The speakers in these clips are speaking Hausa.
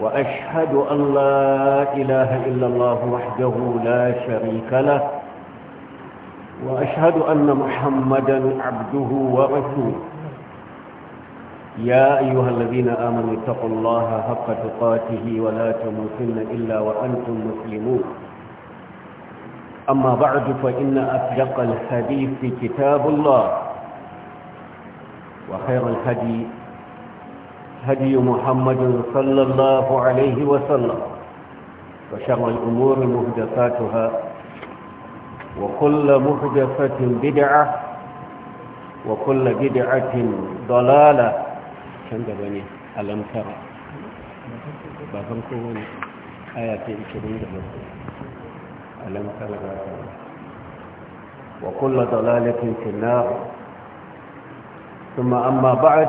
وأشهد أن لا إله إلا الله وحده لا شريك له وأشهد أن محمدا عبده ورسوله يا أيها الذين آمنوا اتقوا الله حق تقاته ولا تموتن إلا وأنتم مسلمون أما بعد فإن أصدق الحديث كتاب الله وخير الهدي هدي محمد صلى الله عليه وسلم وشر الأمور مهدفاتها وكل مهدفة بدعة وكل بدعة ضلالة كم دبني ألم ترى بابن كوني آياتي 20 ألم ترى وكل ضلالة في النار ثم أما بعد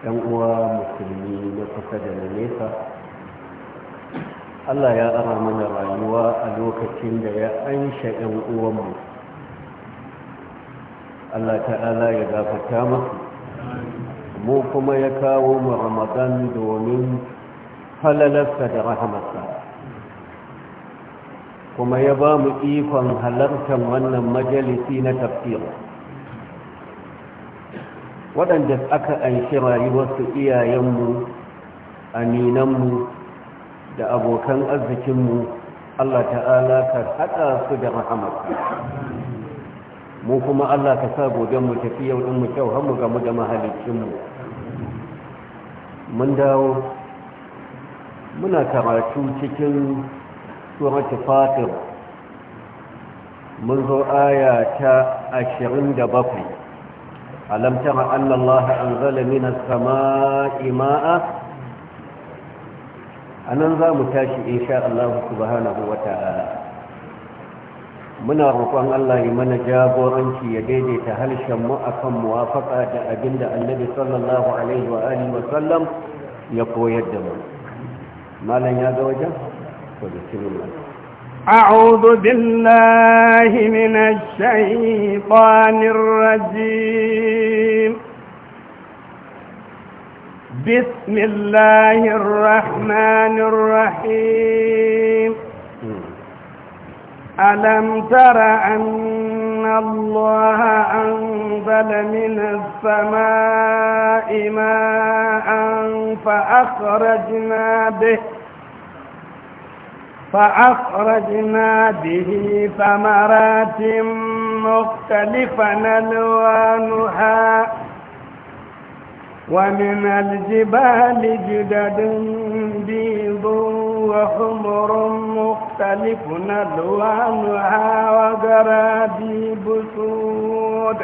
yan uwa musulmi na kusa da na nesa allah ya ara mana rayuwa a lokacin da ya ansha yan uwanmu allah ta'ala ya gafata masu mu kuma ya kawo mu ramadan domin falalarsa da rahamarsa kuma ya ba mu ikon halartar wannan majalisi na tafsir waɗanda aka anshi rayuwarsu iyayenmu aminanmu da abokan arzikinmu Allah ta'ala ka haɗa su da rahamarka mu kuma Allah ka sa mu tafi yau ɗin mu kyau har mu gamu da mahalicinmu mun dawo muna karatu cikin tsoron fatir mun zo aya ta bakwai. ألم تر أن الله أنزل من السماء ماء أننزى متاشي إن شاء الله سبحانه وتعالى muna roƙon Allah ya mana jagoranci ya daidaita harshen mu akan muwafaqa da abinda Annabi sallallahu alaihi wa sallam ya koyar da mu malam ya ga wajen أعوذ بالله من الشيطان الرجيم بسم الله الرحمن الرحيم ألم تر أن الله أنزل من السماء ماء فأخرجنا به فأخرجنا به ثمرات مختلفا ألوانها ومن الجبال جدد بيض وحمر مختلف ألوانها وغرابيب سود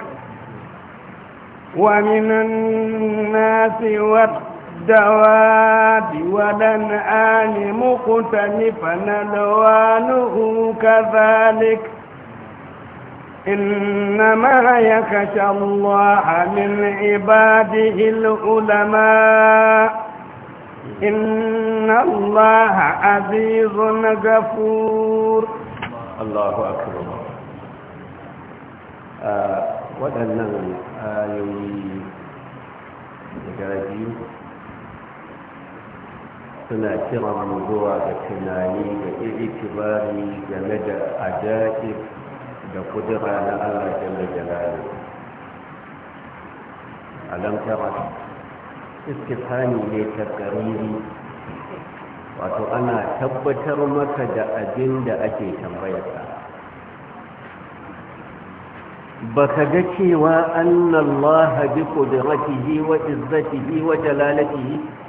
ومن الناس والقرى الدواب والأنعام مختلفا ألوانه كذلك إنما يخشى الله من عباده العلماء إن الله عزيز غفور الله أكبر waɗannan ayoyi da garaji suna kiran mu zuwa ga tunani da itibari game da ajaib da kudura na Allah jalla jalali alam tara istifani ne ta kariri wato ana tabbatar maka da abin da ake tambayarsa ka ga cewa annallaha bi qudratihi wa izzatihi wa jalalatihi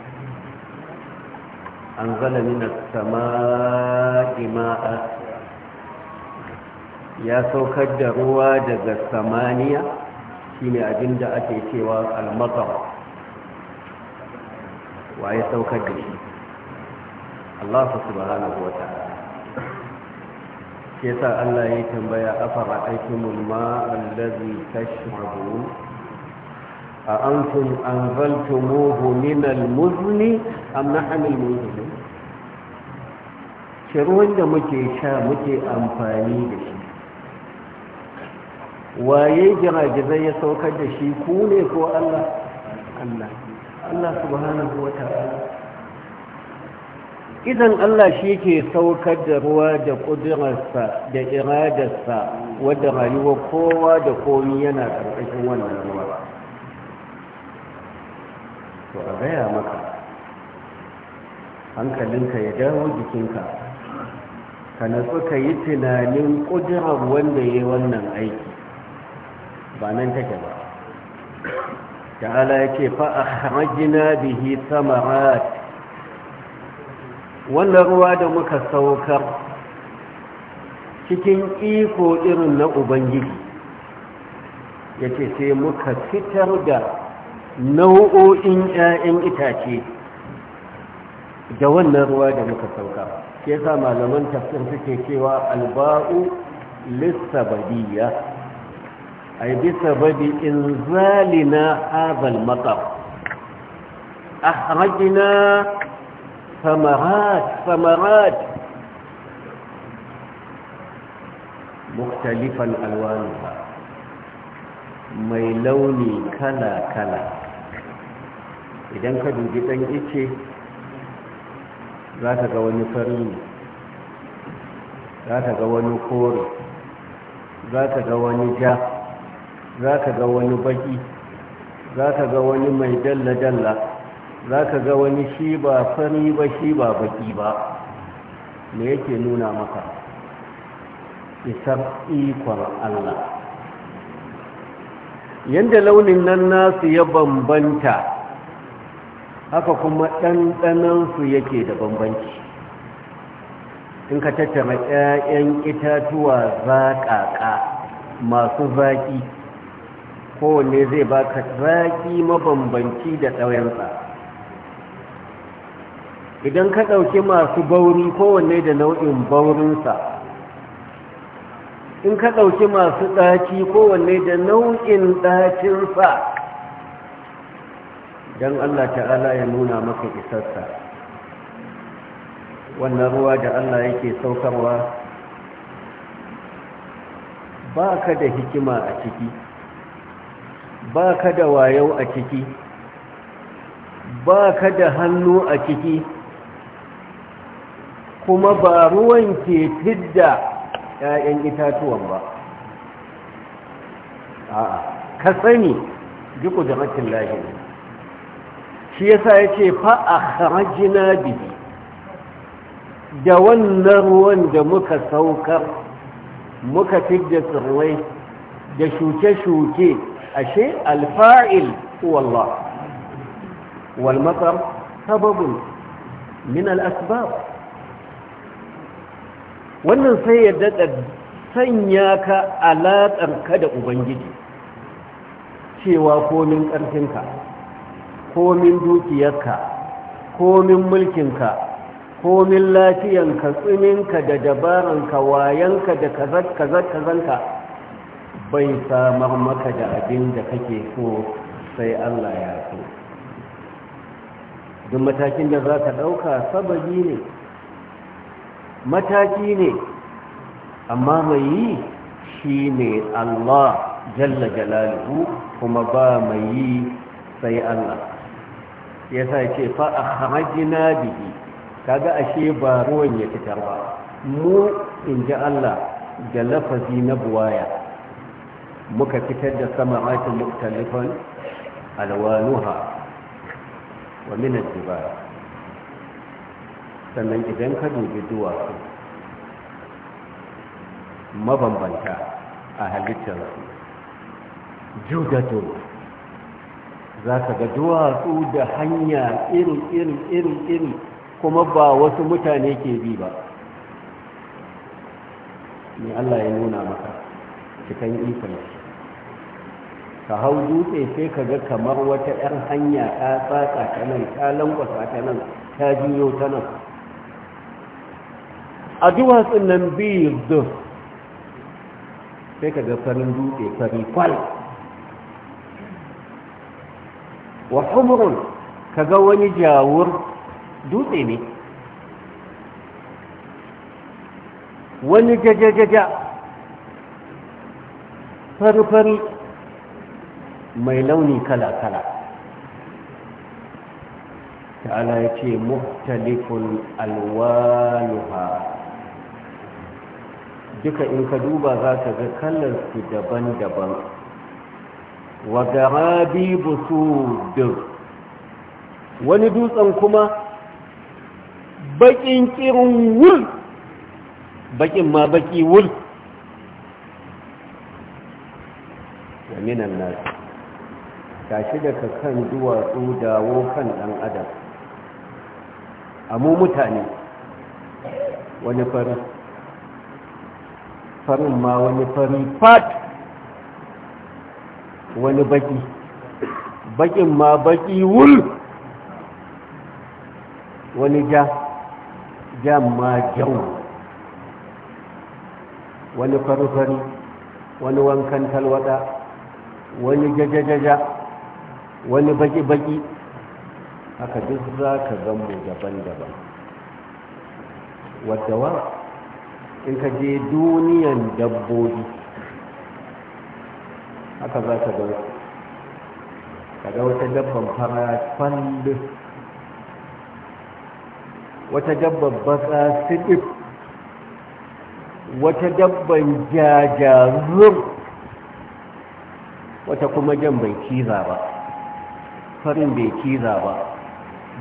أنزل من السماء ماء يا سوكد روا دغ السمانية shine abin da ake cewa al-matar waye saukar da shi Allah subhanahu wa ta'ala sa Allah ya tambaya afara aikumul ma allazi tashrabun A أأنتم أنزلتموه من المزن أم نحن المنزلون شروان da muke sha muke amfani da shi waye jiragizai ya saukar da shi ku ne ko Allah Allah Allah subhanahu wa ta'ala idan Allah shi ke saukar da ruwa da ƙudurarsa da iradarsa wadda rayuwar kowa da komi yana ƙarƙashin wannan ruwa to a gaya maka hankalinka ya dawo jikinka ka natsu ka yi tunanin ƙudurar wanda ya yi wannan aiki ba nan take ba ta'ala ya ce da bihi samarat wannan ruwa da muka saukar cikin iko irin na ubangiji ya ce sai muka fitar da nau'o'in 'ya'yan itace da wannan ruwa da muka sauka ke sa malaman tafsir suke cewa alba'u lissabadiyya ay bisababi inzalina hadha al-matar ahrajna ثمرات ثمرات مختلفا ألوانها mai launi kala-kala idan ka dubi ɗan ice za ta ga wani fari za ta ga wani kore za ta ga wani ja za ta ga wani baki za ta ga wani mai dalla-dalla za ka ga wani shi ba fari ba shi ba baki ba me yake nuna maka isar ikon Allah yadda launin nan nasu ya bambanta haka kuma ɗanɗanansu yake da bambanci in ka tattara 'ya'yan itatuwa zaƙaƙa masu zaƙi kowanne zai ba ka zaƙi mabambanci da ɗauyansa idan ka ɗauki masu bauri kowanne da nau'in baurinsa in ka ɗauki masu ɗaci kowanne da nau'in ɗacinsa don Allah ta'ala ya nuna maka isarsa wannan ruwa da Allah yake saukarwa ba ka da hikima a ciki ba ka da wayau a ciki ba ka da hannu a ciki kuma ba ruwan ke fidda 'ya'yan itatuwan ba a'a ka sani duk da matin lahi shi yasa ya ce fa a da wannan ruwan da muka saukar muka fi da tsirrai da shuke-shuke ashe alfa'il wallah والمطر سبب من الأسباب wannan sai ya daɗa sanya ka alaƙarka da ubangiji cewa komin ƙarfinka komin dukiyarka komin mulkinka komin lafiyanka tsininka da dabaranka wayanka da kazan kazanka bai samar maka da abin da kake so sai Allah ya so duk matakin da za ka ɗauka sababi ne mataki ne amma mai yi shi ne Allah jalla jalaluhu kuma ba mai yi sai Allah ya sa ce fa a harajina bihi kaga ashe ba ruwan ya fitar ba mu in ji Allah da lafazi na buwaya muka fitar da sama'atin muktalifan alwanuha wa minar dubara sannan idan ka dubi duwatsu mabambanta a halittarsu judatun za ka ga duwatsu da hanya irin irin irin irin kuma ba wasu mutane ke bi ba ne Allah ya nuna maka cikin ikon ka hau dutse sai ka ga kamar wata 'yar hanya ta tsatsa ta nan ta lankwasa ta nan ta jiyo ta nan a duwatsun nan biyu sai ka ga farin dutse fari kwal wa humrun kaga wani jawur dutse ne wani jajajaja fari-fari mai launi kala-kala ta'ala ya ce muhtalifun alwaluha duka in ka duba za ka ga kallarsu daban-daban wa garabi busudin wani dutsen kuma bakin kirin wul bakin ma baki wul da minan nasu tashi daga kan duwatsu dawo kan ɗan adam amu mutane wani fari farin ma wani fari fat wani baki bakin ma baki wul wani ja ja ma jau wani farfari wani wankan talwada wani jajajaja wani baki-baki haka duk za ka mu daban-daban wadda wa in ka je duniyan dabbobi haka za ka ga wata dabban fara fandu wata dabban batsa sidif wata dabban jajazur wata kuma jan bai kiza ba farin bai kiza ba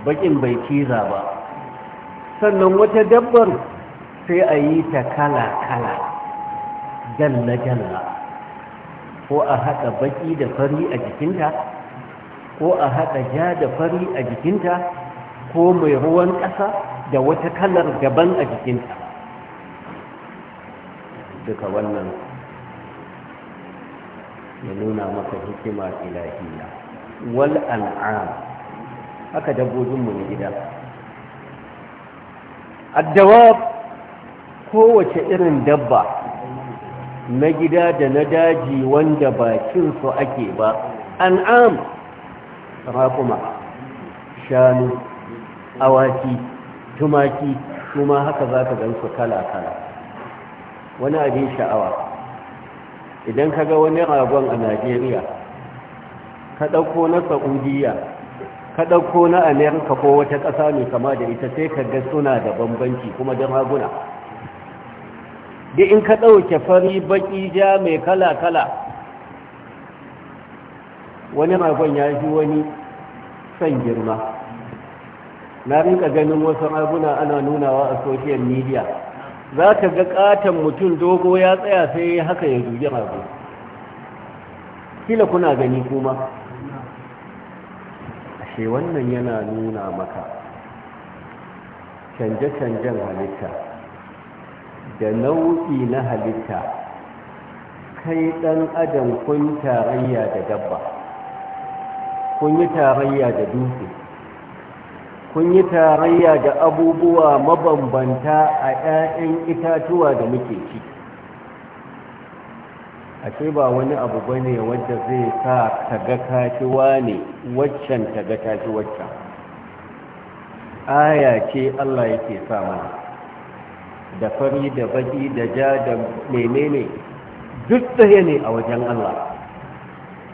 bakin bai kiza ba sannan wata dabbar sai a yi ta kala-kala dalla-dalla ko a haka baƙi da fari a jikinta ko a haka ja da fari a jikinta ko mai ruwan ƙasa da wata kalar gaban a jikinta duka wannan ya nuna maka hikima ilahiya wal an'am haka dabbobinmu na gida addawab kowace irin dabba na gida da na daji wanda bakin su ake ba an'am raƙuma shanu awaki tumaki kuma haka za ka gansu kala-kala wani abin sha'awa idan ka ga wani ragon a najeriya ka ɗauko na sa'udiyya ka ɗauko na amerika ko wata ƙasa mai kama da ita sai ka ga suna da bambanci kuma da raguna duk in ka ɗauke fari baƙi ja mai kala-kala wani ragon ya fi wani son girma na rika ganin wasu raguna ana nunawa a social media za ka ga ƙaton mutum dogo ya tsaya sai haka ya dubi ragu kila kuna gani kuma ashe wannan yana nuna maka canje-canjen halitta da nau'i na halitta kai ɗan adam kun tarayya da dabba kun yi tarayya da dutse kun yi tarayya da abubuwa mabambanta a 'ya'yan itatuwa da muke ci ashe ba wani abu bane wadda zai sa taga kashiwa ne waccan taga tashi waccan aya ce Allah yake sa mana da fari da baki da ja da menene duk tsaye ne a wajen Allah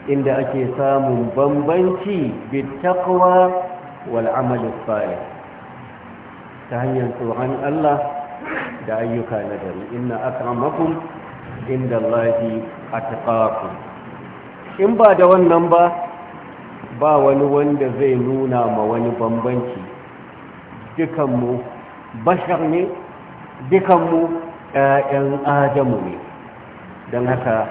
inda ake samun bambanci bitakwa wal amal salih ta hanyar tsoron Allah da ayyuka na gari inna akramakum inda Allahi atqakum in ba da wannan ba ba wani wanda zai nuna ma wani bambanci dukanmu bashar ne dukanmu ‘ya'yan adamu ne don haka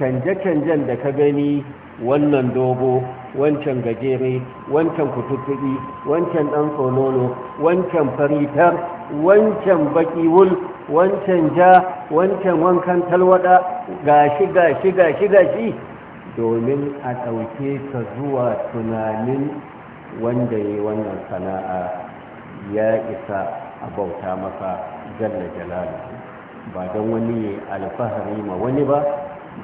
canje-canjen da ka gani wannan dogo wancan gajere wancan kututtuɗi wancan ɗan tsololo wancan faritar wancan baƙi wul wancan ja wancan wankan talwada gashi gashi gashi gashi domin a ɗauke ka zuwa tunanin wanda ya yi wannan sana'a ya isa a bauta masa jalla jalalu ba don wani ya alfahari ma wani ba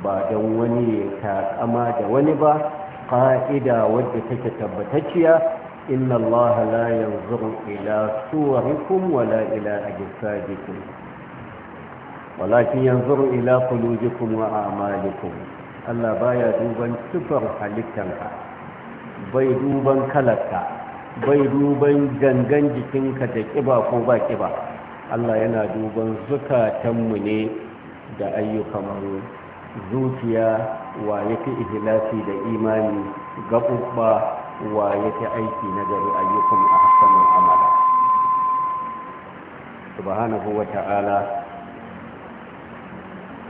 ba don wani ya takama da wani ba ƙa'ida wadda take tabbatacciya inna allaha la yanzuru ila suwarikum wala ila ajsadikum walakin yanzuru ila qulubikum wa a'malikum Allah baya duban sifar halittanka bai duban kalarka bai duban gangan jikinka da ƙiba ko ba ƙiba Allah yana duban zukatanmu ne da ayyukanmu zuciya wa yake ihlasi da imani gaɓuɓɓa wa yake aiki na gari ayyukan a hassanin amala subhanahu wa ta'ala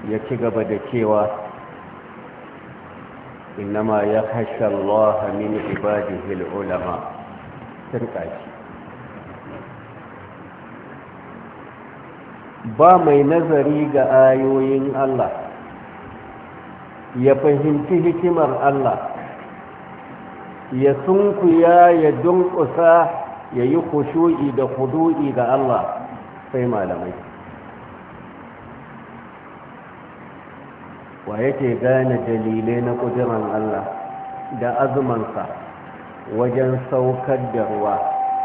ya ci gaba da cewa إنما يخشى min من al ulama ta ba mai nazari ga ayoyin Allah ya fahimci hikimar Allah ya sunkuya ya dunkusa ya yi kushu'i da kudu'i ga Allah sai malamai wa yake gane dalilai na kudurar Allah da azumansa wajen saukar da ruwa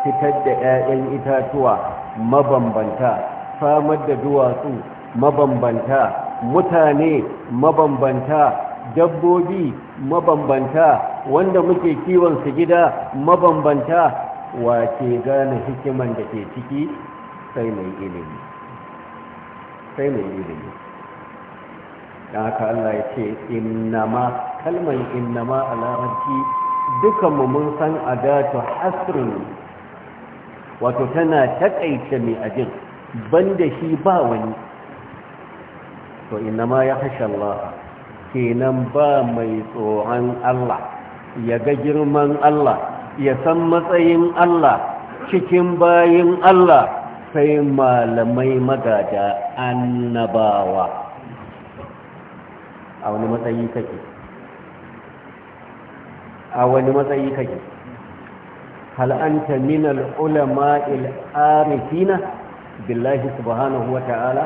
fitar da 'ya'yan itatuwa mabambanta samar da duwatsu mabambanta mutane mabambanta dabbobi mabambanta wanda muke kiwon su gida mabambanta wace gane hikiman da ke ciki sai mai ilimi sai mai ilimi da haka Allah ya ce innama kalmar innama a larabci dukanmu mun san adatu hasrin wato tana takaice mai ajin banda shi ba wani to inna ma ya hashe Allah kenan ba mai tsoron Allah ya ga girman Allah ya san matsayin Allah cikin bayin Allah sai malamai magada annabawa a wani matsayi take a wani matsayi kake halanta anta min ulama al billahi subhanahu wa ta'ala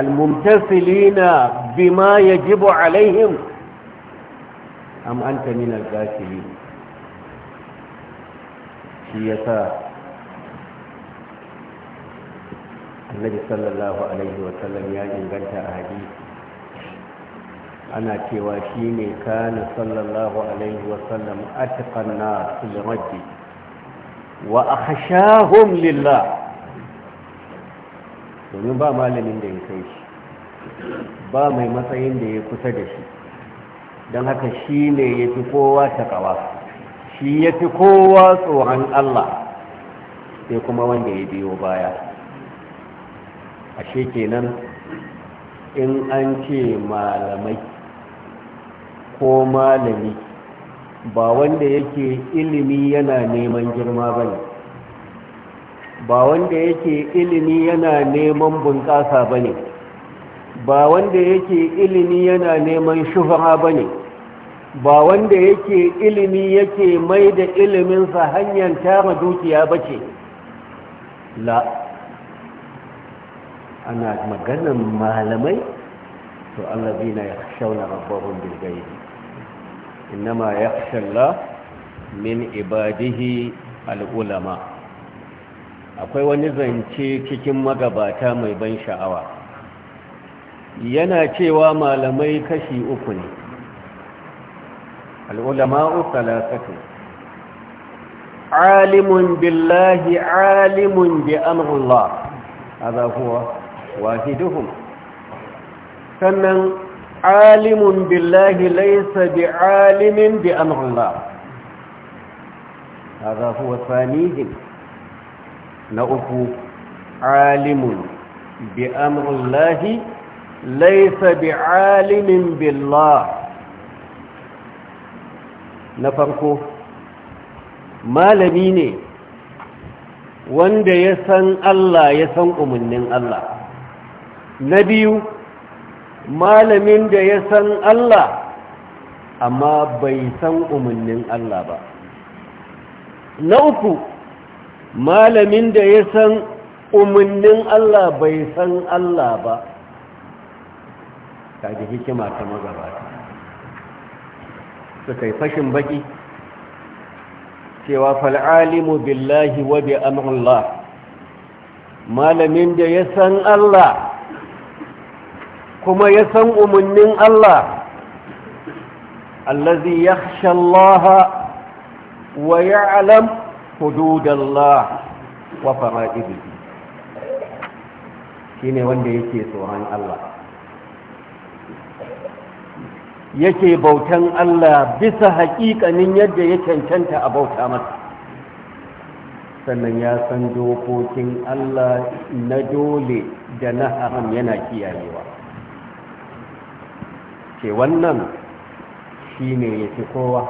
al mumtasilina bima yajibu alaihim am anta min al shi yasa annabi sallallahu alaihi wa sallam ya inganta a hadisi ana cewa shi ne kana sallallahu alaihi wasallam a cikin na rabbi wa akhshahum lillah domin ba malamin da ya kai shi ba mai matsayin da ya kusa da shi don haka shi ne ya fi kowa takawa shi ya fi kowa tsoron Allah sai kuma wanda ya biyo baya ashe kenan in an ce malamai ko malami ba wanda yake ilimi yana neman girma ba ne ba wanda yake ilimi yana neman bunƙasa ba ne ba wanda yake ilimi yana neman shuhura ba ne ba wanda yake ilimi yake mai da iliminsa hanyar tara dukiya ba ce la ana maganin malamai to allazina ya shauna rabbarun إنما يخشى الله من عباده العلماء akwai wani zance cikin magabata mai ban sha'awa yana cewa malamai kashi uku ne al'ulama'u salasatu alimun billahi alimun bi amrullah a zafuwa wahiduhum sannan عالم بالله ليس بعالم بأمر الله هذا هو ثانيهم نأكو عالم بأمر الله ليس بعالم بالله نفرقه malami ne wanda ya san Allah ya san umarnin Allah na biyu malamin da ya san Allah amma bai san umarnin Allah ba na uku malamin da ya san umarnin Allah bai san Allah ba ta hikima ta magabata suka yi fashin baki cewa fal'alimu billahi wa bi amrullah malamin da ya san Allah kuma ya san umarnin Allah allazi yakhsha Allah wa ya'lam hudud Allah wa Shi ne wanda yake tsoron Allah yake bautan Allah bisa haƙiƙanin yadda ya cancanta a bauta masa sannan ya san dokokin Allah na dole da na haram yana kiyayewa ce wannan shi ne ya fi kowa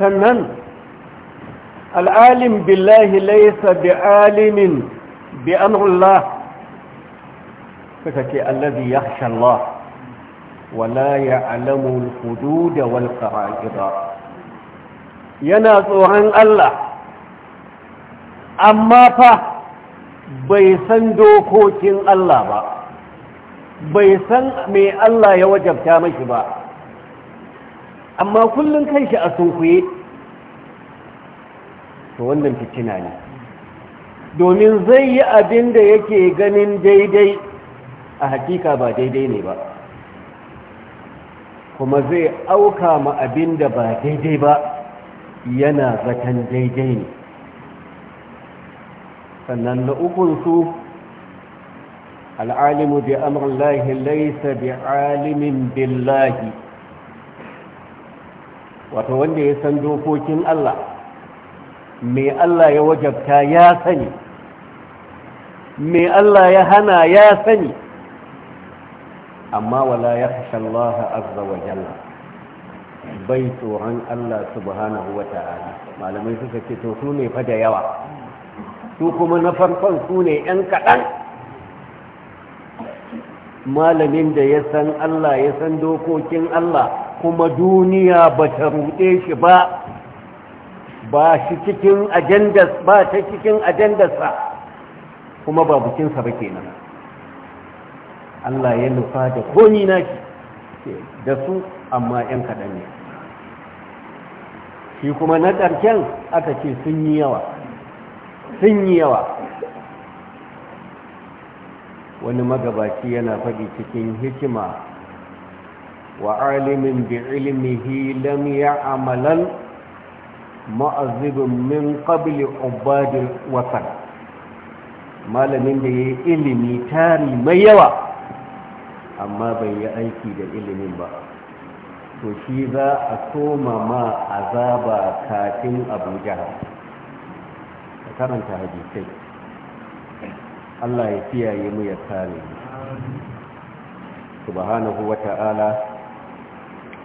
sannan al'alim billahi laisa bi alimin bi amrullah suka ce allazi ya Allah wala ya alamun hudu da gida. yana tsoron Allah amma fa bai san dokokin Allah ba bai san mai Allah ya wajabta mashi ba amma kullum shi a sunkuye to wannan fitina ne domin zai yi abin da yake ganin daidai a hakika ba daidai ne ba kuma zai auka ma abin da ba daidai ba yana zaton daidai ne sannan na ukunsu العالم بأمر الله ليس بعالم بالله وتولي يسندوكوك الله مي الله يوجبك يا سني مي الله يهنا يا سني أما ولا يخشى الله عز وجل بيت عن الله سبحانه وتعالى ما لم يسكت تسوني فدى يوا سوكم نفرقا سوني أنك أنك malamin da ya san Allah ya san dokokin Allah kuma duniya ba ta ruɗe shi ba ba shi cikin ajandas ba ta cikin ajandarsa kuma ba bukinsa ba kenan Allah ya nufa da na shi da su amma ‘yan kaɗan ne shi kuma na ƙarshen aka ce sun yi yawa sun yi yawa wani magabaci yana faɗi cikin hikima wa alimin bi ilmihi lam ya'amalan ma'azibin min qabli ubadil wasan malamin da yayi ilimi tari mai yawa amma bai yi aiki da ilimin ba to shi za a koma ma azaba kafin abuja karanta hadisai Allah ya kiyaye mu ya kare subhanahu wata'ala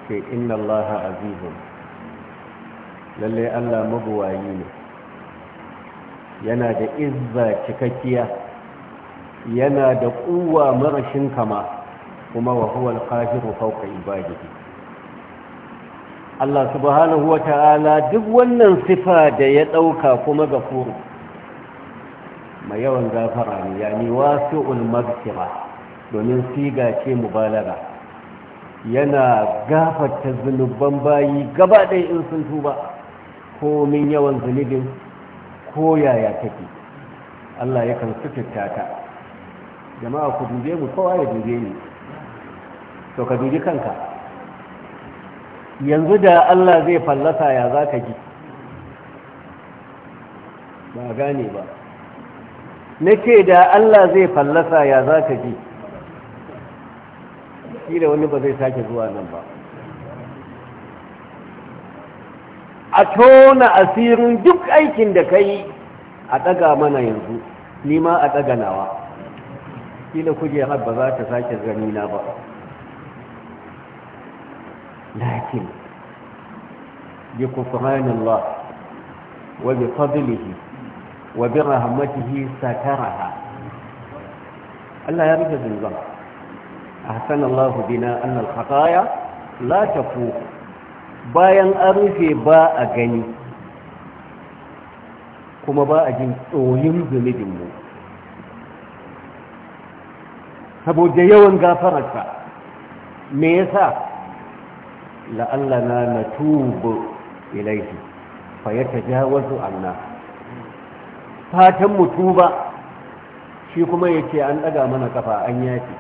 sai inna Allah azizun lalle Allah mabuwayi ne yana da izza cikakkiya yana da kuwa marashin kama kuma wa huwa al-qahiru fawqa ibadihi Allah subhanahu wata'ala duk wannan sifa da ya dauka kuma gafuru mai yawan gafara ne ni wasu maghfira domin siga ce mubalaga yana gafarta zunuban bayi gaba ɗaya in sun tuba min yawan zunubin ko yaya take Allah kan sutura ta jama'a ku duje mu kowa ya duje ni to ka dubi kanka yanzu da Allah zai fallasa ya za ka ji ba gane ba na ce da Allah zai fallasa ya za ka ji shi da wani ba zai sake zuwa nan ba a tona asirin duk aikin da ka yi a ɗaga mana yanzu nima a ɗaga nawa Shi da kujerar ba za ta sake ganina ba lakin bi kufranin Allah wa bi fadlihi wa bi rahmatihi raha. Allah ya rufe zunzan ahsan bina an al la tafu bayan an rufe ba a gani kuma ba a jin tsoyin zunubin mu saboda yawan gafararsa me yasa la'allana natubu ilayhi fa yatajawazu anna fatan mu tuba shi kuma ya ce an ɗaga mana kafa an yafi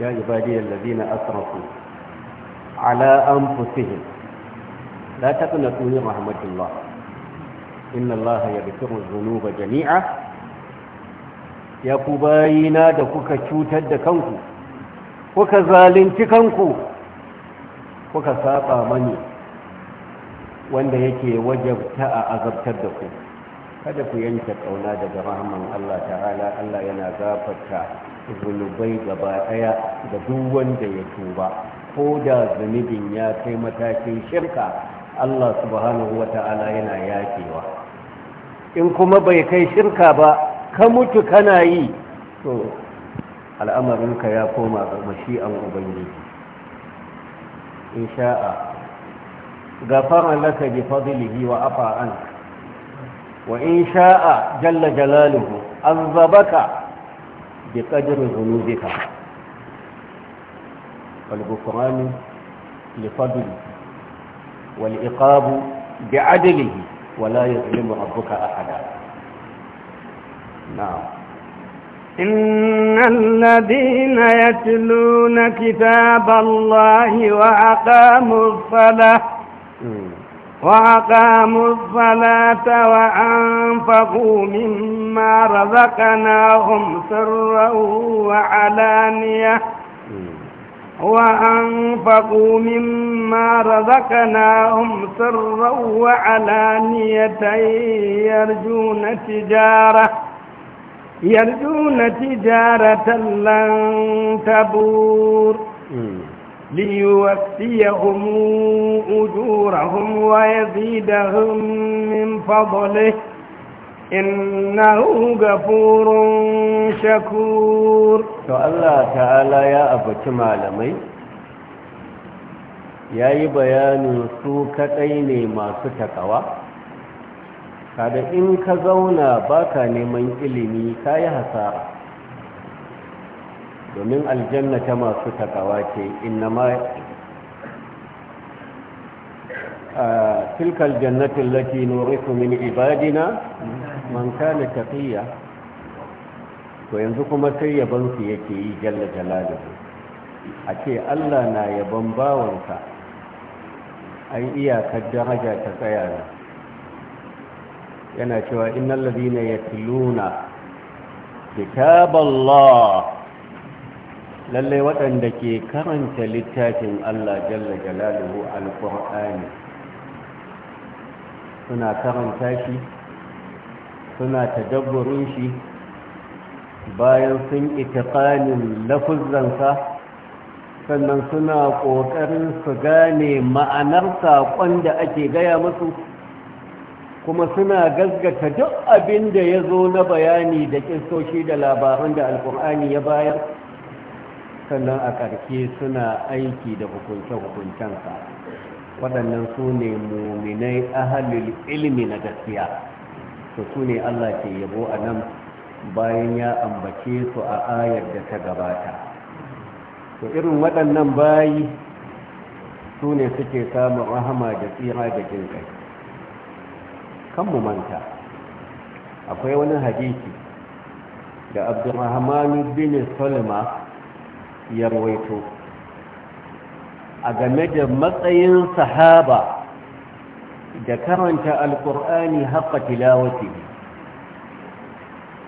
ya ibadiyar lazina asrafu ala an fusihin la taɓina tuni rahmatullah inna Allah ya bikin zunuba jami'a ya ku bayina da kuka cutar da kanku kuka zalunci kanku kuka saba mani wanda yake wajabta a azabtar da ku kada ku yanke kauna daga rahman Allah ta'ala Allah yana gafarta zunubai gaba daya da duk wanda ya tuba ko da zunubin ya kai matakin shirka Allah subhanahu wa ta'ala yana yakewa in kuma bai kai shirka ba ka mutu kana yi to al'amarinka ya koma ga mashi'an ubangiji insha'a. غفر لك بفضله وعفى عنك وإن شاء جل جلاله عذبك بقدر ذنوبك والغفران لفضله والإقاب بعدله ولا يظلم ربك أحدا نعم إن الذين يتلون كتاب الله وأقاموا الصلاة وَأَقَامُوا الصَّلَاةَ وَأَنفَقُوا مِمَّا رَزَقْنَاهُمْ سِرًّا وَعَلَانِيَةً وَأَنفَقُوا مِمَّا رَزَقْنَاهُمْ سِرًّا وَعَلَانِيَةً يَرْجُونَ تِجَارَةً يَرْجُونَ تِجَارَةً لَّن تَبُورَ ليوفيهم أجورهم ويزيدهم من فضله إنه غفور شكور to Allah ta'ala ya abaci malamai ya yi bayanin su kaɗai ne masu takawa kada in ka zauna baka neman ilimi ka yi hasara domin aljanna masu takawa ce inna ma a tilkal jannatin lati nuritu min ibadina man kana taqiya to yanzu kuma sai yaban su yake yi jalla jalaluhu a ce Allah na yaban bawansa ai iya daraja ta tsaya ne yana cewa innal ladina yatluna kitaballahi lallai waɗanda ke karanta littafin Allah jalla jalaluhu alƙur'ani suna karanta shi suna tadabburin shi bayan sun itiƙanin lafuzzansa sannan suna ƙoƙarin su gane ma'anar saƙon da ake gaya musu kuma suna gaskata duk abin da ya zo na bayani da ƙistoshi da labaran da alƙur'ani ya bayar sannan a ƙarshe suna aiki da hukunce-hukuncensa waɗannan su ne muminai ahalul ilimi na gaskiya to su ne Allah ke yabo a nan bayan ya ambace su a ayar da ta gabata to irin waɗannan bayi su ne suke samun rahama da tsira da jin kai kan mu manta akwai wani hadisi da abdurrahman bin salma ya rawaito a game da matsayin sahaba da karanta alkur'ani haƙa tilawati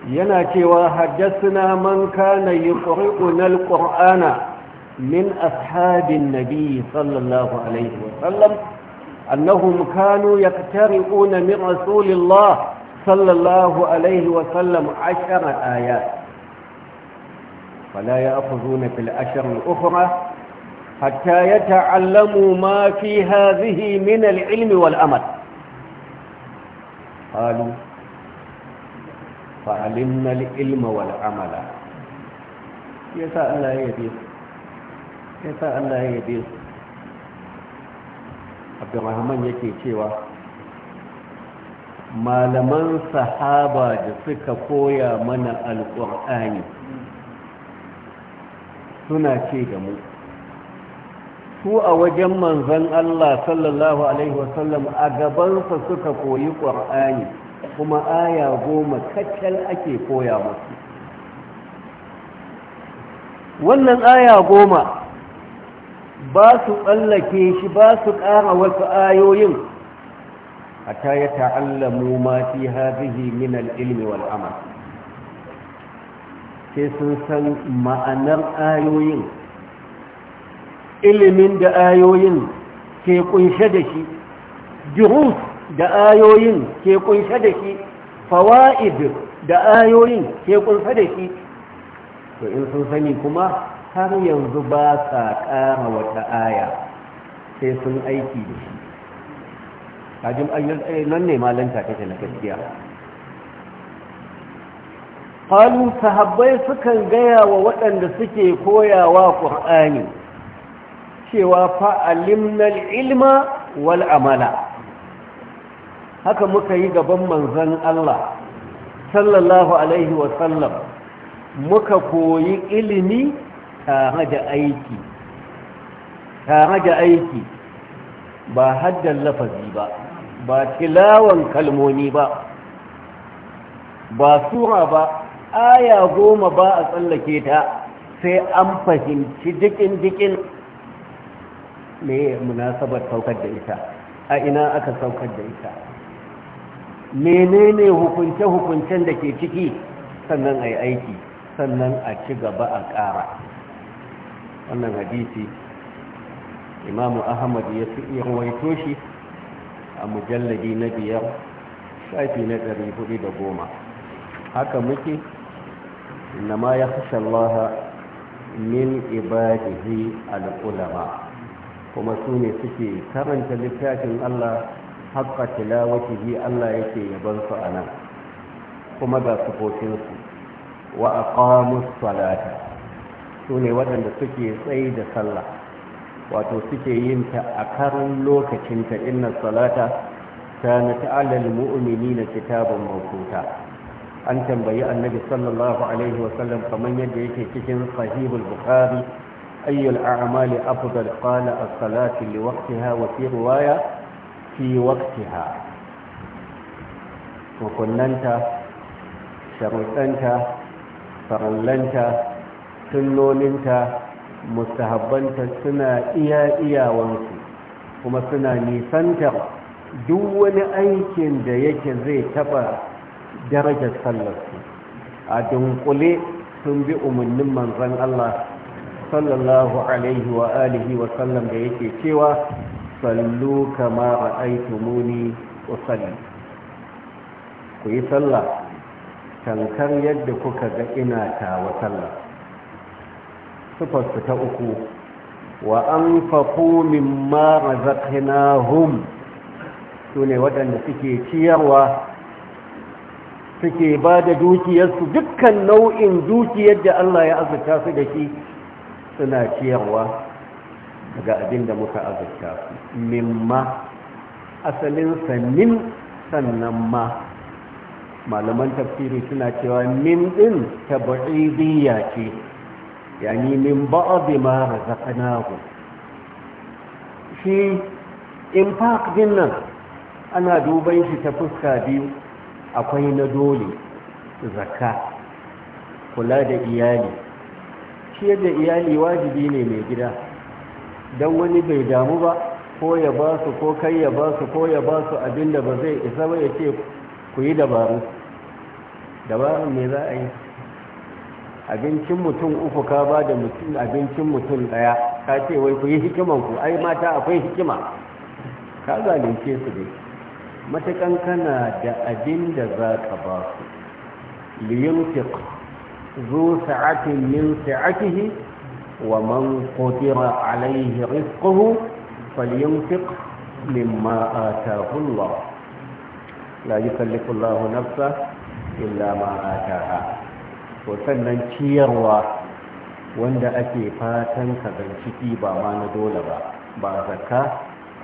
yana cewa haddasuna man kana yuqri'una alqur'ana min ashabin nabiy sallallahu alaihi wa annahum kanu yaqtari'una min rasulillah sallallahu alaihi ayat فلا يأخذون في الأشر الأخرى حتى يتعلموا ما في هذه من العلم والأمل قالوا فعلمنا العلم والعمل يساء الله يبيض يساء الله يبيض عبد الرحمن يكي cewa ما لمن صحابة suka koya mana القرآن suna ce da mu su a wajen manzan Allah sallallahu Alaihi wasallam a gabansa suka koyi ƙwar'ani kuma aya goma kacal ake koya musu wannan aya goma ba su tsallake shi ba su ƙara wasu ayoyin a ta yi ta'allamu ma fi hazihi min al'ilmi wal'amal sai sun san ma'anar ayoyin ilimin da ayoyin ke kunshe da shi durus da ayoyin ke kunshe da shi fawa'id da ayoyin ke kunshe da shi to in sun sani kuma har yanzu ba sa ƙara wata aya sai sun aiki da shi kajin ayyar eh, nan ne malanta take na gaskiya qalu sahabbai sukan gaya wa waɗanda suke koyawa ƙur'ani cewa fa alimna ilma wal amala haka muka yi gaban manzon Allah sallallahu alaihi wa sallam muka koyi ilimi tare da aiki tare da aiki ba haddan lafazi ba ba tilawan kalmomi ba ba sura ba aya goma ba a tsallake ta sai an fahimci dikin-dikin me munasabar saukar da ita a ina aka saukar da ita menene hukunce-hukuncen da ke ciki sannan a yi aiki sannan a ci gaba a ƙara wannan hadisi imamu ahmad ya fi iya waito shi a mujalladi na biyar shafi na da goma, haka muke إنما يخشى الله من عباده العلماء كما سوني سكي كرنت لكاكن الله حق تلاوته الله يكي يبنص أنا كما ذا سفوتنس وأقاموا الصلاة سوني ودن سكي سيد صلى wato suke yin ta a karin lokacinta inna salata ta na ta'alal mu'mini na kitabun mawkuta an tambayi annabi sallallahu alaihi wasallam kamar yadda yake cikin sahihul bukhari ayyul a'mali afdal qala as-salatu li waqtiha wa fi riwaya fi waqtiha rukunnanta sharuɗanta farallanta sunnoninta mustahabbanta suna iya iyawansu kuma suna nisantar duk wani aikin da yake zai taɓa darajar sallarsu a dunkule sun bi umarnin manzan Allah sallallahu alaihi wa alihi wa sallam da yake cewa sallu kama muni usalli ku yi sallah tankar yadda kuka ga ina tawa sallah ta uku wa an faƙo mimma razaqnahum su ne waɗanda suke ciyarwa suke ba da dukiyarsu dukkan nau'in dukiyar da Allah ya azurta su da shi suna ciyarwa daga abin da muka azurta su mimma asalin sannin sannan ma malaman tafsiri suna cewa min din tabi'idiyya ce yani min ba'dhi ma razaqnahu shi in din nan ana duban shi ta fuska biyu akwai na dole zakka kula da iyali ciyar da iyali wajibi ne mai gida don wani bai damu ba ko ya ba su ko kai ya ba su ko ya ba su abinda ba zai isa ba ya ce ku yi dabaru dabarun ne za a yi abincin mutum uku ka ba da abincin mutum daya ka ce wai ku yi hikimanku ai mata akwai hikima ka zalince su dai matakan kana da abin da za ka ba su liyunfiq zu sa'atin min sa'atihi wa man qadira alayhi rizquhu falyunfiq mimma ataahu Allah la yukallifu Allah nafsa illa ma ha. to sannan ciyarwa wanda ake fatan ka ciki ba ma na dole ba ba zakka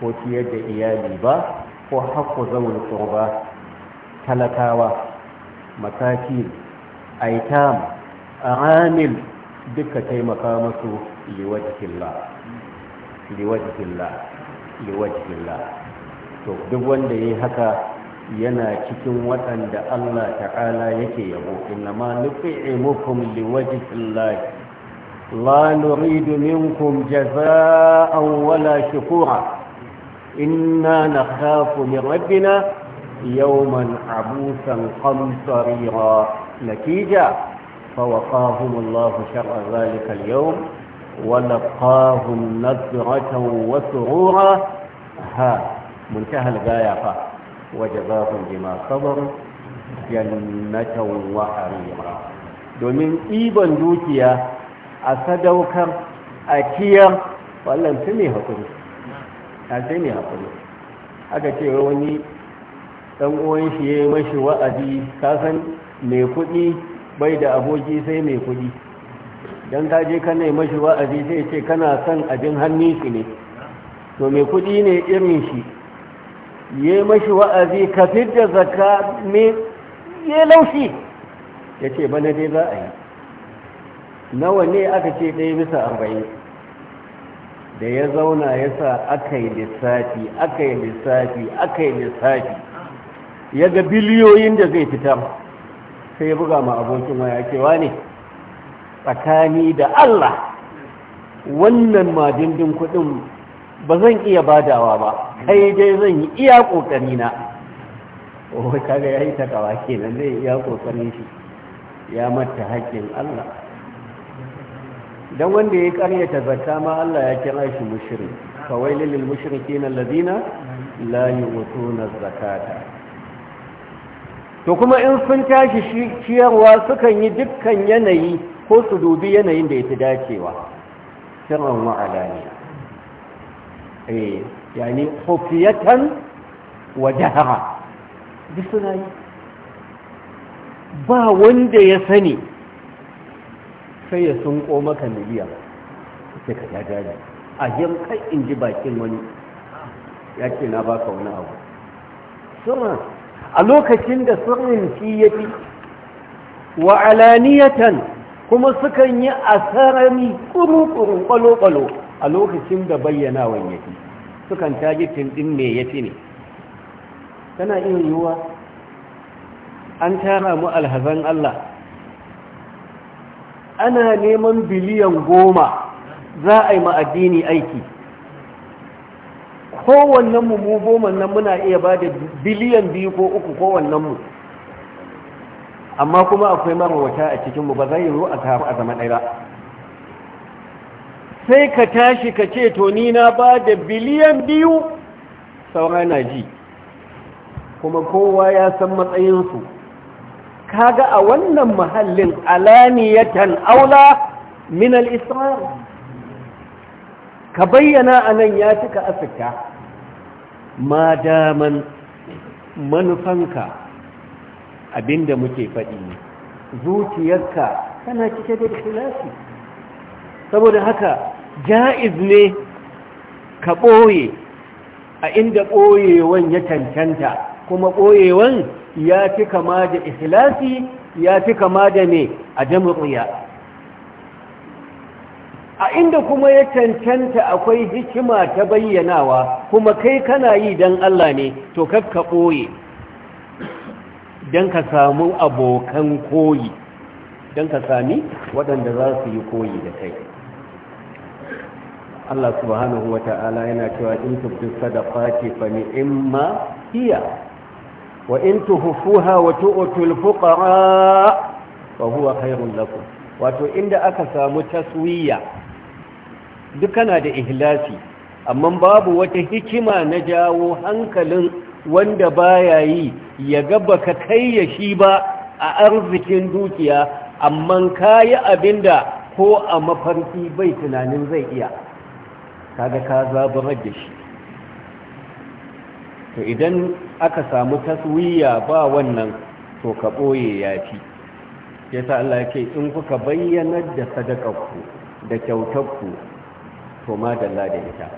ko ciyar da iyali ba ko haƙƙo zaul turba, talakawa masakin aitam amil duka taimaka masu liwajhillah to duk wanda yayi haka yana cikin waɗanda Allah ta'ala yake yabo innama nufi'imukum liwajhillahi la nuridu minkum jazaa'an wala shukura inna na hafu ne rabina yawman abusan kamsarira natija fawakahun allahu shara zalikal yau walakahun nazaratan wasu rura ha mun ta halgaya fa waje za su jima sabar yannatan wa'arira domin ibon dukiya a sadaukar a kiyar wallan fi mai haƙuri. ta sai mai aka ce wani ɗan uwan shi ya yi mashi wa'azi kasan mai kuɗi bai da aboki sai mai kuɗi don ka je kana yi mashi wa'azi sai ce kana son abin hannun shi ne to mai kuɗi ne irin shi ya yi mashi wa'azi ka da zaka mai ya laushi ya ce bana dai za a yi nawa ne aka ce ɗaya bisa arba'in da ya zauna ya sa aka yi lissafi aka yi lissafi aka yi lissafi ya ga biliyoyin da zai fita sai ya buga ma abokin waya cewa ne tsakani da Allah wannan madindin kudin ba zan iya badawa ba kai dai zan yi iya kokari na oh kaga yayi takawa kenan zai iya kokarin shi ya mata haƙƙin Allah dan wanda ya karyata zakka ma Allah ya kira shi mushrik fawailil lil mushrikin alladhina la yu'tuna zakata to kuma in sun tashi ciyarwa sukan yi dukkan yanayi ko su dubi yanayin da yafi dacewa sirran wa alaniya eh yani khufiyatan wa jahra duk suna yi ba wanda ya sani sai ya sunko maka miliyan sai ka ya gari a yin kai in ji bakin wani ya ce na baka wani abu suna a lokacin da sirrin shi ya fi wa alaniyatan kuma sukan yi a kuru-kuru kwalo-kwalo a lokacin da bayyana wani ya fi sukan tajitin ɗin me ya fi ne tana iya yiwuwa an tara mu alhazan Allah ana neman biliyan goma za a yi ma'addini aiki kowannenmu mu goma nan muna iya ba da biliyan biyu ko uku kowannenmu amma kuma akwai marwata a cikinmu ba zai ruwa a taru a zama ɗaya ba sai ka tashi ka ce to ni na ba da biliyan biyu saurana na ji kuma kowa ya san matsayinsu kaga a wannan mahallin alaniyatan aula min al-israr ka bayyana anan ya cika afita madaman manufanka abinda muke faɗi zuciyarka tana cike da ikhlasi saboda haka ja'iz ne ka ɓoye a inda ɓoyewan ya cancanta kuma ɓoyewan ya fi kama da ikhlasi ya fi kama da ne a jamuriya a inda kuma ya cancanta akwai hikima ta bayyanawa kuma kai kana yi don Allah ne to kakka ɓoye don ka samu abokan koyi don ka sami waɗanda za su yi koyi da kai Allah subhanahu wa ta'ala yana cewa in tubdu sadaqati fa ni'ma hiya وإن تهفوها وتؤتوا الفقراء فهو خير لكم wato inda aka samu taswiya dukana da ihlasi amma babu wata hikima na jawo hankalin wanda baya yi ya gaba ka kai ya shi ba a arzikin dukiya amma kayi abinda ko a mafarki bai tunanin zai iya kaga ka zaburar da shi to idan aka samu taswiya ba wannan to ka ɓoye ya fi ya sa Allah ce in kuka bayyana da sadakarku da kyautarku to ma dalla da ita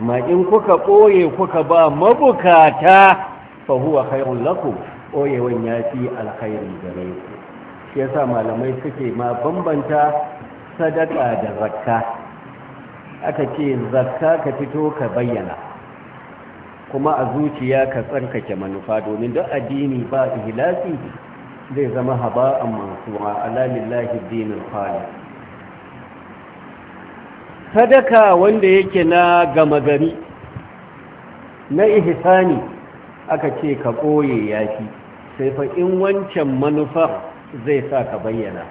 amma in kuka ɓoye kuka ba mabukata fa huwa khairul lakum ɓoyewan ya fi alkhairi gare ku shi ya malamai suke ma bambanta sadaka da zakka aka ce zakka ka fito ka bayyana kuma a zuciya ka tsarkake manufa domin duk addini ba ihlasi zai zama haba'an mansura ala lillahi dinul khalis sadaka wanda yake na gama gari na ihsani aka ce ka koye yafi sai fa in wancan manufa zai sa ka bayyana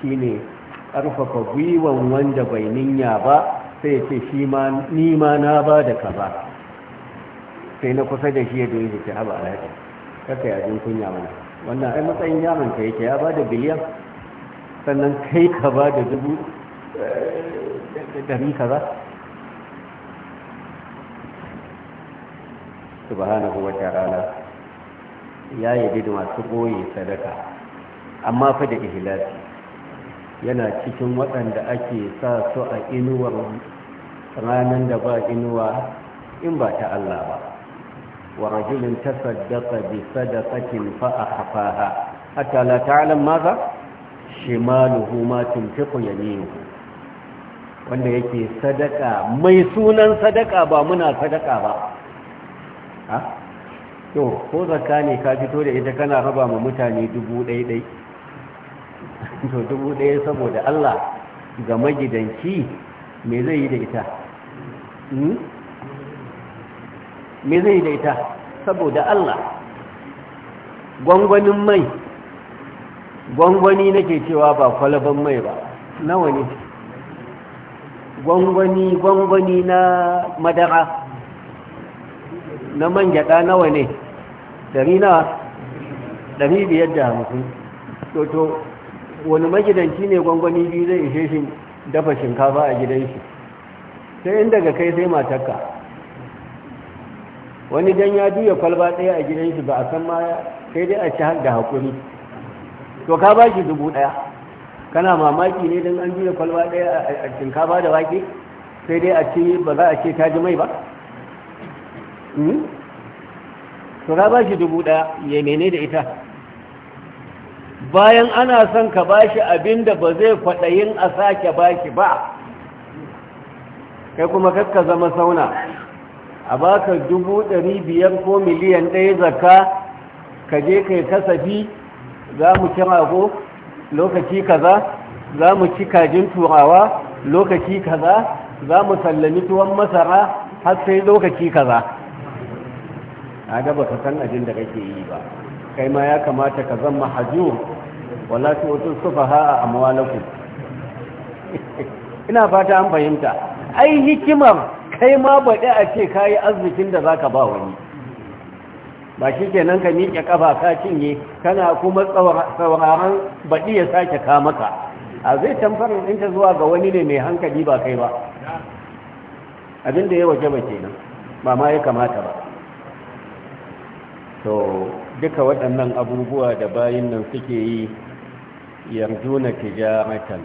shine ƙarfafa gwiwan wanda bai ninya ba sai ce shi ma nima na ba da ka ba sai na kusa da shi ya doyi da ta a yake kaka yajin kunya mana wannan ai matsayin yaron ka yake ya ba da biliyan sannan kai ka ba da dubu eh, dari kaza subhanahu wa rana ya yi da masu goye sadaka amma fa da ihilati yana cikin waɗanda ake sa su a inuwar ranar da ba inuwa in ba ta Allah ba ورجل تصدق بصدقة فأخفاها حتى لا تعلم ماذا شماله ما تنفق يمينه wanda yake sadaka mai sunan sadaka ba muna sadaka ba ha to ko zakka ne ka fito da ita kana raba ma mutane dubu ɗaya ɗai to dubu ɗaya saboda Allah ga magidanci me zai yi da ita me zai da ita saboda Allah gwangwanin mai gwangwani nake cewa ba kwalaban mai ba nawa ne gwangwani gwangwani na madara na man gyada nawa ne dari nawa dari biyar da hamsin toto wani magidanci ne gwangwani biyu zai ishe shi dafa shinkafa a gidan shi sai inda ga kai sai matakka wani dan ya juya kwalba ɗaya a gidan shi ba a san ma sai dai a ci har da hakuri to ka ba shi dubu ɗaya kana mamaki ne dan an juya kwalba ɗaya a shinkafa da wake sai dai a ci ba za a ce ta ji mai ba hmm? to ka ba shi dubu ɗaya ya mene da ita bayan ana son ka ba shi abin da ba zai kwaɗayin a sake ba shi ba kai kuma kakka zama sauna a baka dubu ɗari biyar ko miliyan ɗaya zakka ka je kai kasafi za mu ci rago lokaci kaza za mu ci kajin turawa lokaci kaza za mu sallami tuwon masara har sai lokaci kaza a gaba ka san ajin da kake yi ba kai ma ya kamata ka zama hajju wala ta wata ha a amwalaku ina fata an fahimta ai hikimar kai ma baɗi a ce kayi arzikin da za ka ba wani ba shi kenan ka miƙe ƙafa ka cinye kana kuma sauraron baɗi ya sake ka maka a zai in ta zuwa ga wani ne mai hankali ba kai ba abinda ya waje ba kenan ba ma ya kamata ba to duka waɗannan abubuwa da bayin nan suke yi yanzu na tijaratan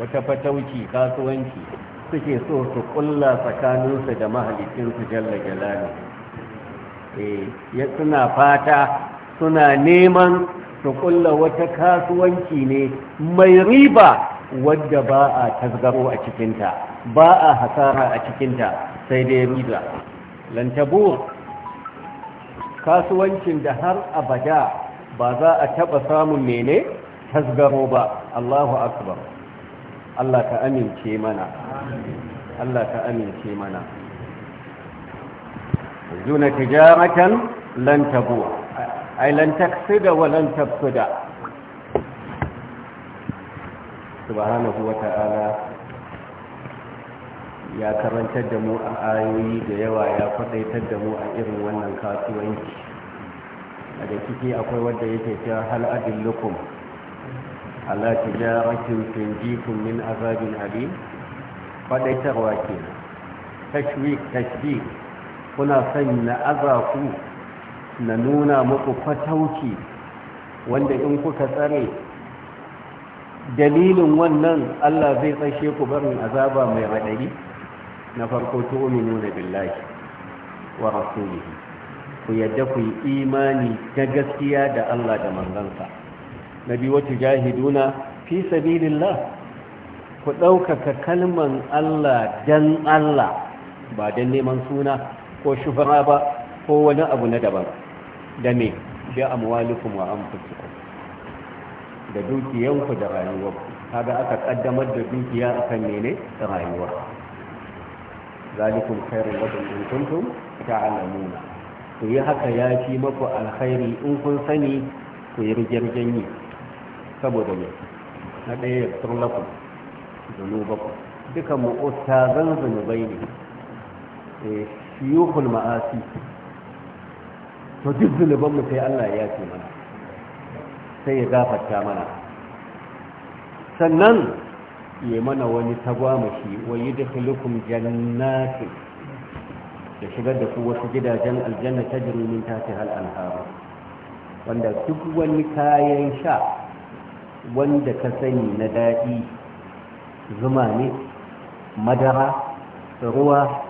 wata fatauci kasuwanci suke so su kulla tsakaninsu da mahalicinsu jalla jalali eh suna fata suna neman su kulla wata kasuwanci ne mai riba wadda ba a tasgaro a cikinta ba a hasara a cikinta sai dai riba lantabur kasuwancin da har abada ba za a taba samun mene tasgaro ba Allahu akbar Allah ka amince mana Allah ka amince mana zuna tijaratan lan tabu ay lan taksida wa lan tabsida subhanahu wa ta'ala ya karantar da mu a ayoyi da yawa ya faɗaitar da mu a irin wannan kasuwanci a da ciki akwai wanda yake cewa hal adillukum ala tijaratin tunjikum min azabin alim fadaitarwa kenan tashwik tashbih kuna son na azaku na nuna muku wanda in kuka tsare dalilin wannan Allah zai tsashe ku barin azaba mai raɗari na farko tu'minu na billahi wa rasulihi ku yadda ku yi imani ta gaskiya da Allah da manzansa Nabi biyu wata jahiduna fi sabilillah ku ɗaukaka kalman Allah dan Allah ba don neman suna ko shufara ba ko wani abu na daban da me da amwalukum wa anfusukum da dukiyanku da rayuwarku kaga aka kaddamar da dukiya akan mene rayuwa zalikum khairul lakum in kuntum ta'lamuna to yi haka ya yafi maku alkhairi in kun sani ku yi rigirgen yi saboda ne na ɗaya ya fitar lakum zunubakum dukan mu'ustazan zunubai ne eh, shiyukul ma'asi to duk zunuban mu sai Allah ya ce mana sai ya gafarta mana sannan ya mana wani tagwamashi wa yudkhilukum jannatin da shigar da ku wasu gidajen aljanna ta min tafi al-anhar wanda duk wani kayan sha wanda ka sani na daɗi zuma ne madara ruwa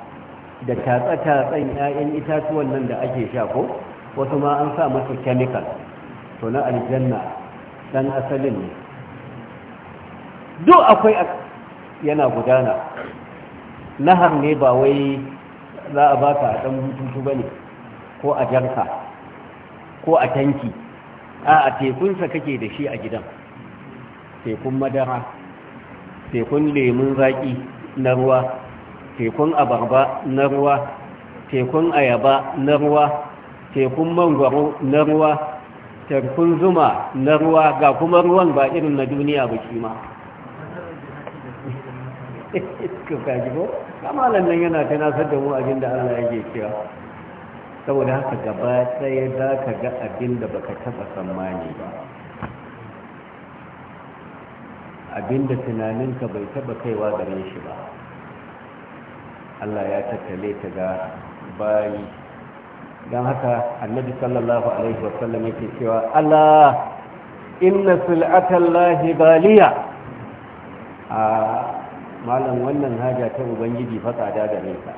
da tatsa-tatsan 'ya'yan itatuwan nan da ake sha ko wasu ma an sa masa chemical to na aljanna dan asalin ne duk akwai yana gudana nahar ne ba wai za a baka a ɗan hutu ba ne ko a jarka ko a tanki a tekunsa kake da shi a gidan tekun madara tekun lemun zaƙi na ruwa tekun abarba na ruwa tekun ayaba na ruwa tekun mangwaro na ruwa tekun zuma na ruwa ga kuma ruwan ba irin na duniya ba shi ma nan yana ta da mu abinda Allah yake cewa saboda haka gaba tsaye za ka ga abin da baka taɓa tsammani ba abin da tunaninka bai taɓa kaiwa gare shi ba allah ya tattale ta ga bayi don haka annabi sallallahu alaihi wasallam yake cewa allah inna sul'atallahi baliya a ah, malam wannan haja ta ubangiji fa tsada gare ka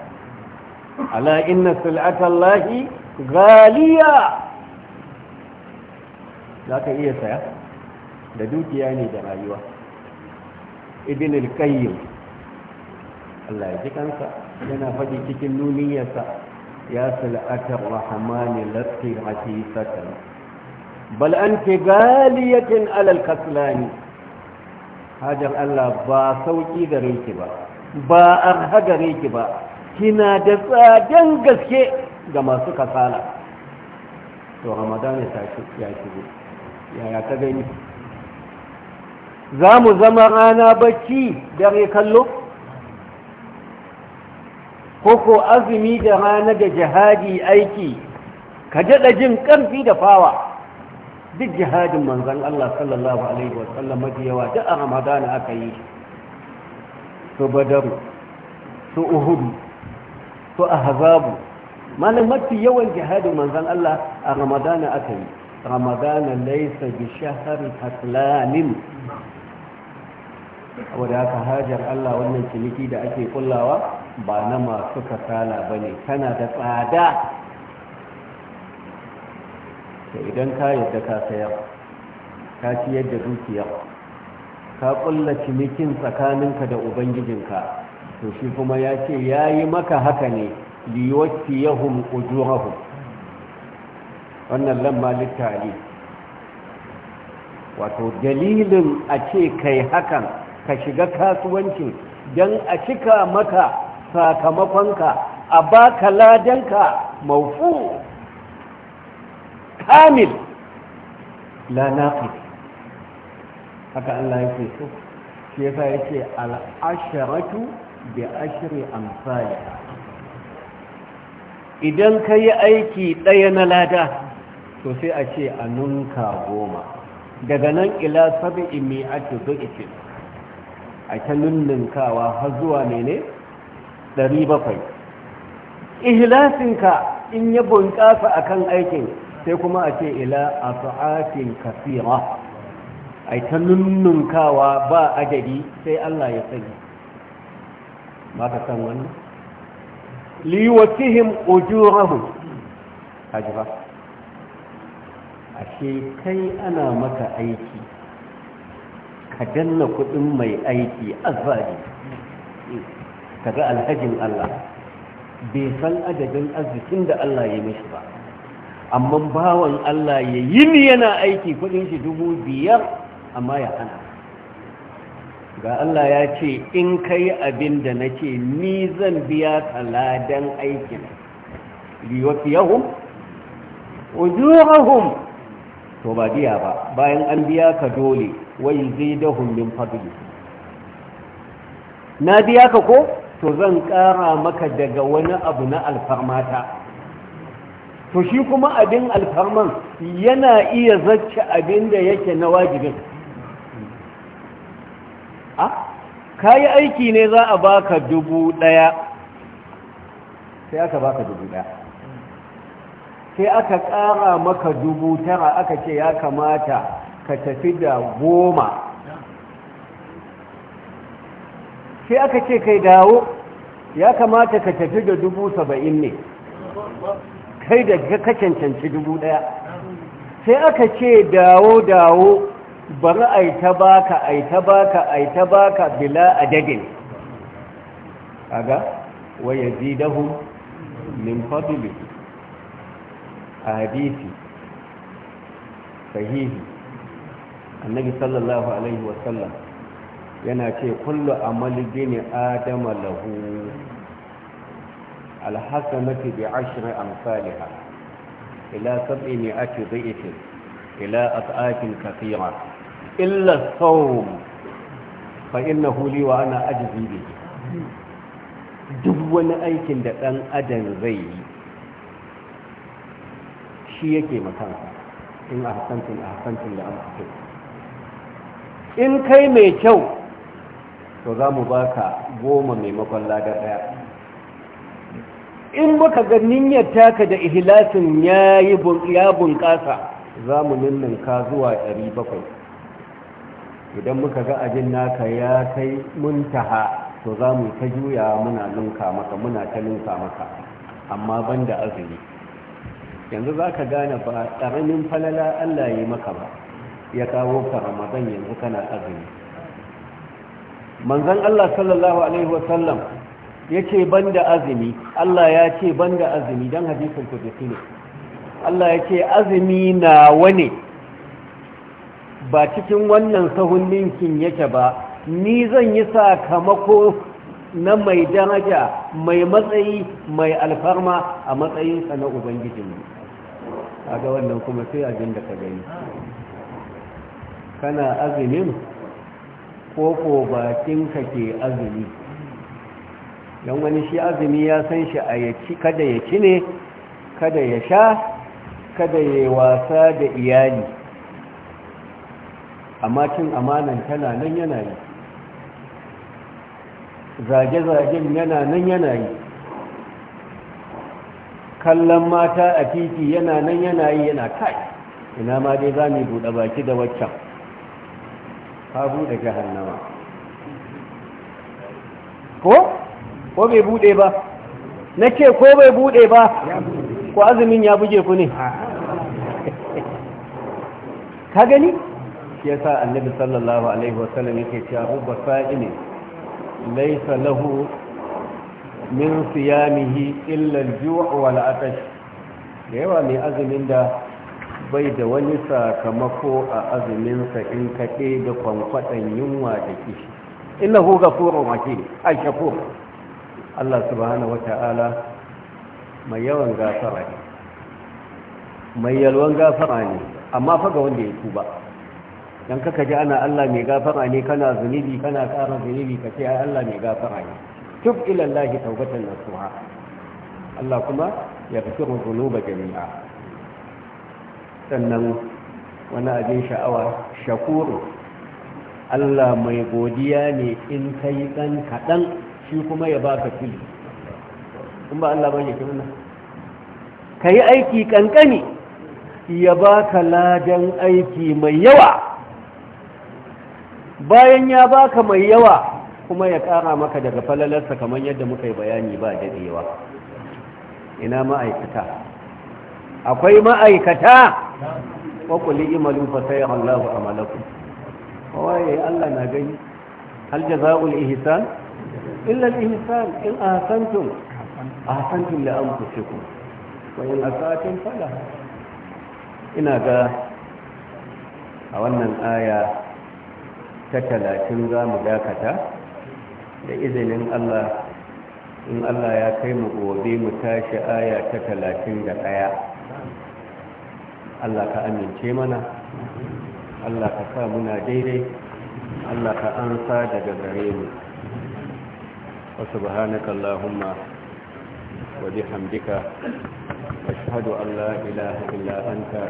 ala inna sil'atallahi galiya. za ka iya saya da dukiya ne da rayuwa ibn al-qayyim Allah ya ji kansa yana faɗi cikin nuniyarsa ya sil'atar rahmani latti hasisatan bal anti galiyatin alal kaslani hajar Allah ba sauki gare ki ba ba arha gare ki ba kina da tsadan gaske ga masu kasala to ramadan ya tashi ya shigo yaya ka gani za mu zama rana bacci dare kallo koko azumi da rana da jihadi aiki ka daɗa jin ƙarfi da fawa duk jihadin manzan Allah sallallahu Alaihi wasallam majiyawa da a Ramadan aka yi su badaru su uhudu su ahzabu malam mafi yawan jihadi manzon Allah a ramadana aka yi ramadana laysa bi shahri haslanin wadda aka hajar Allah wannan ciniki da ake kullawa ba na masu kasala ba ne tana da tsada idan ka yadda ka sayar ka ciyar da dukiya ka ƙulla cinikin tsakaninka da ubangijinka to shi kuma ya ce ya yi maka haka ne liyoci yahun ujurahu wannan lamma littali wato dalilin a ce kai hakan ka shiga kasuwancin don a cika maka sakamakonka a baka ladanka maufu kamil la naqis haka Allah yake so shi yasa yake al-asharatu bi ashri amsalha idan ka yi aiki ɗaya na lada to sai a ce a nunka goma daga nan ila saba'i mai ake zo'ice a ta nunnunkawa har zuwa mene 700 ihlasinka in ya bunƙasa akan aikin sai kuma a ce ila a fa'afin kasira a ta nunnunkawa ba adadi sai allah ya sani ba ka san wannan liwatihim ujurahum kaji ba ashe kai ana maka aiki ka danna kudin mai aiki Ka kaga alhajin Allah bai san adadin arzikin da Allah ya mishi ba amma bawan Allah ya yi yana aiki kudin shi dubu biyar amma ya hana ga Allah ya ce in ka yi abin da na ce ni zan biya ka ladan aikin liwafiyahum wujuhahum to ba biya ba bayan an biya ka dole wai zai da min fadli na biya ka ko to zan ƙara maka daga wani abu na alfarmata to shi kuma abin alfarman yana iya zacce abin da yake na wajibin ka yi aiki ne za a baka dubu ɗaya sai aka baka dubu ɗaya sai aka ƙara maka dubu tara aka ce ya kamata ka tafi da goma sai aka ce kai dawo ya kamata ka tafi da dubu saba'in ne kai da ka cancanci dubu ɗaya sai aka ce dawo dawo bari a yi ta baka a yi ta baka a yi ta baka bila adadin kaga wa yazidahum min fadli a hadisi sahihi annabi sallallahu alaihi wasallam yana ce kullu amali gini adama lahu alhasanati bi ashri amsalha ila sab'i mi'ati dhi'fin ila at'atin kathira illa saum fa innahu li wa ana ajzi bi duk wani aikin da dan adam zai yi shi yake makansa in a ahsantum da anfusikum in kai mai kyau to za mu baka goma maimakon ladar daya in muka ga niyyar taka da ihlasin ya ya bunƙasa za mu ninninka zuwa 700 idan muka ga abin naka ya kai muntaha to za mu ta juya muna ninka maka muna ta ninka maka amma ban da azumi yanzu za ka gane ba ƙaramin falala allah ya yi maka ba ya kawo ka ramadan yanzu kana azumi manzon allah sallallahu alaihi wasallam ya ce ban da azumi allah ya ce ban da azumi don hadisun kudusi ne allah ya ce azumi na wane ba cikin wannan sahun ninkin yake ba ni zan yi sakamako na mai daraja mai matsayi mai alfarma a matsayinsa na ubangijinmu a ga wannan kuma sai abin da ka gani kana azumin koko bakinka ke azumi don wani shi azumi ya san shi a yaci kada ya ci ne kada ya sha kada ya wasa da iyali amma cin amanan tana nan yana yi zage-zagen yana nan yana yi kallon mata a titi yana nan yana yi yana kai ina ma dai za mu buɗe baki da waccan ka buɗe jahannama ko? ko bai buɗe ba na ce ko bai buɗe ba ko azumin ya buge ku ne ka gani? shi yasa annabi sallallahu alaihi wasallam yake cewa rubba sa'ini laysa lahu min siyamihi illa al-ju' wal atash yawa mai azumin da bai da wani sakamako a azumin sa in kaɗe da kwankwadan yunwa da kishi ina hu gafurun wakil shakur Allah subhanahu ta'ala mai yawan gafara ne mai yalwan gafara ne amma fa ga wanda ya tuba Don kaka ji ana Allah mai gafara ne kana zunubi kana ƙara zunubi ka ce ai Allah mai gafara ne tub ila Allah tawbatan nasuha Allah kuma ya gafiru dhunuba jami'a sannan wani abin sha'awa shakuru Allah mai godiya ne in ka yi dan kaɗan shi kuma ya baka fili in ba Allah bane ki wannan yi aiki kankani ya baka lajen aiki mai yawa bayan ya baka mai yawa kuma ya ƙara maka daga falalarsa kamar yadda muka yi bayani ba da daɗewa ina ma'aikata akwai ma'aikata wakuli imalu fasayar allahu a malaku kawai allah na gani hal jaza'ul ihsan illa al-ihsan in ahsantum ahsantum li anfusikum wa in asatum fada. ina ga a wannan aya ta talatin za mu dakata da izinin Allah in Allah ya kai mu gobe mu tashi aya ta talatin da ɗaya Allah ka amince mana Allah ka sa muna daidai Allah ka ansa daga gare mu wa subhanaka Allahumma wa bihamdika ashhadu an la ilaha illa anta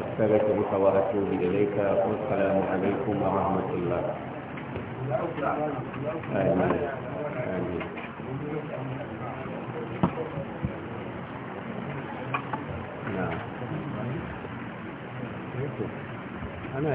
أستغفرك وأتوب إليك والسلام عليكم ورحمة الله آمين آمين نعم أنا